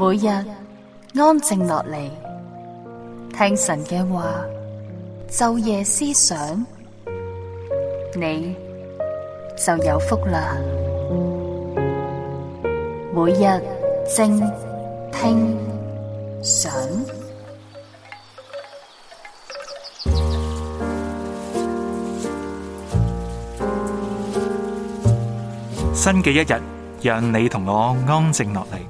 每日安靜落嚟，聽神嘅話，晝夜思想，你就有福啦。每日靜聽想，新嘅一日，讓你同我安靜落嚟。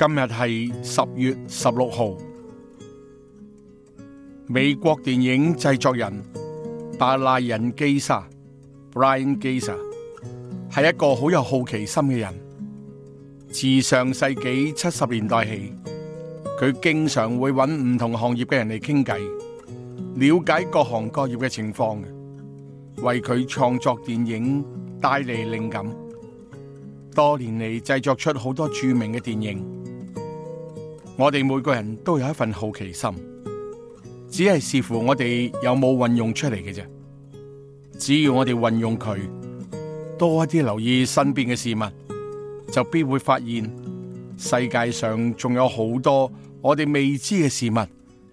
今日係十月十六號。美國電影製作人巴賴人基沙 （Brian Grazer） 係一個好有好奇心嘅人。自上世紀七十年代起，佢經常會搵唔同行業嘅人嚟傾偈，了解各行各業嘅情況，為佢創作電影帶嚟靈感。多年嚟製作出好多著名嘅電影。我哋每個人都有一份好奇心，只係視乎我哋有冇運用出嚟嘅啫。只要我哋運用佢，多一啲留意身邊嘅事物，就必會發現世界上仲有好多我哋未知嘅事物，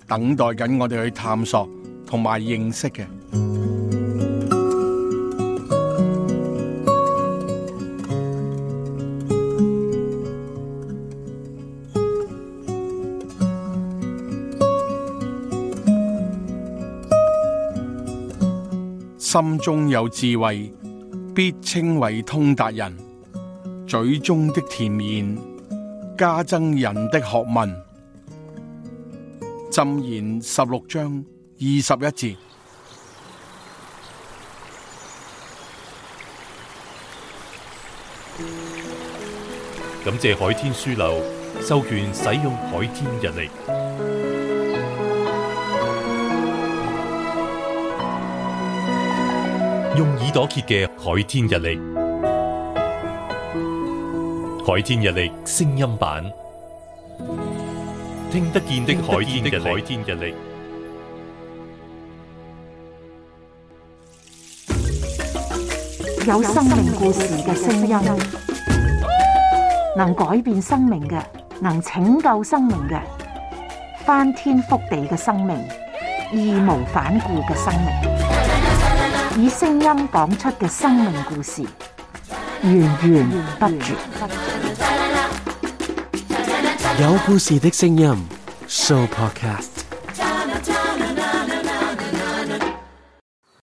等待緊我哋去探索同埋認識嘅。心中有智慧，必稱為通達人；嘴中的甜言，加增人的學問。箴言十六章二十一節。感謝海天書樓授權使用海天日曆。用耳朵揭嘅《海天日曆》，《海天日曆》聲音版，聽得見的海天的日曆，有生命故事嘅聲音，能改變生命嘅，能拯救生命嘅，翻天覆地嘅生命，義無反顧嘅生命。以聲音講出嘅生命故事，源源不絕。有故事嘅聲音，Sooo Podcast。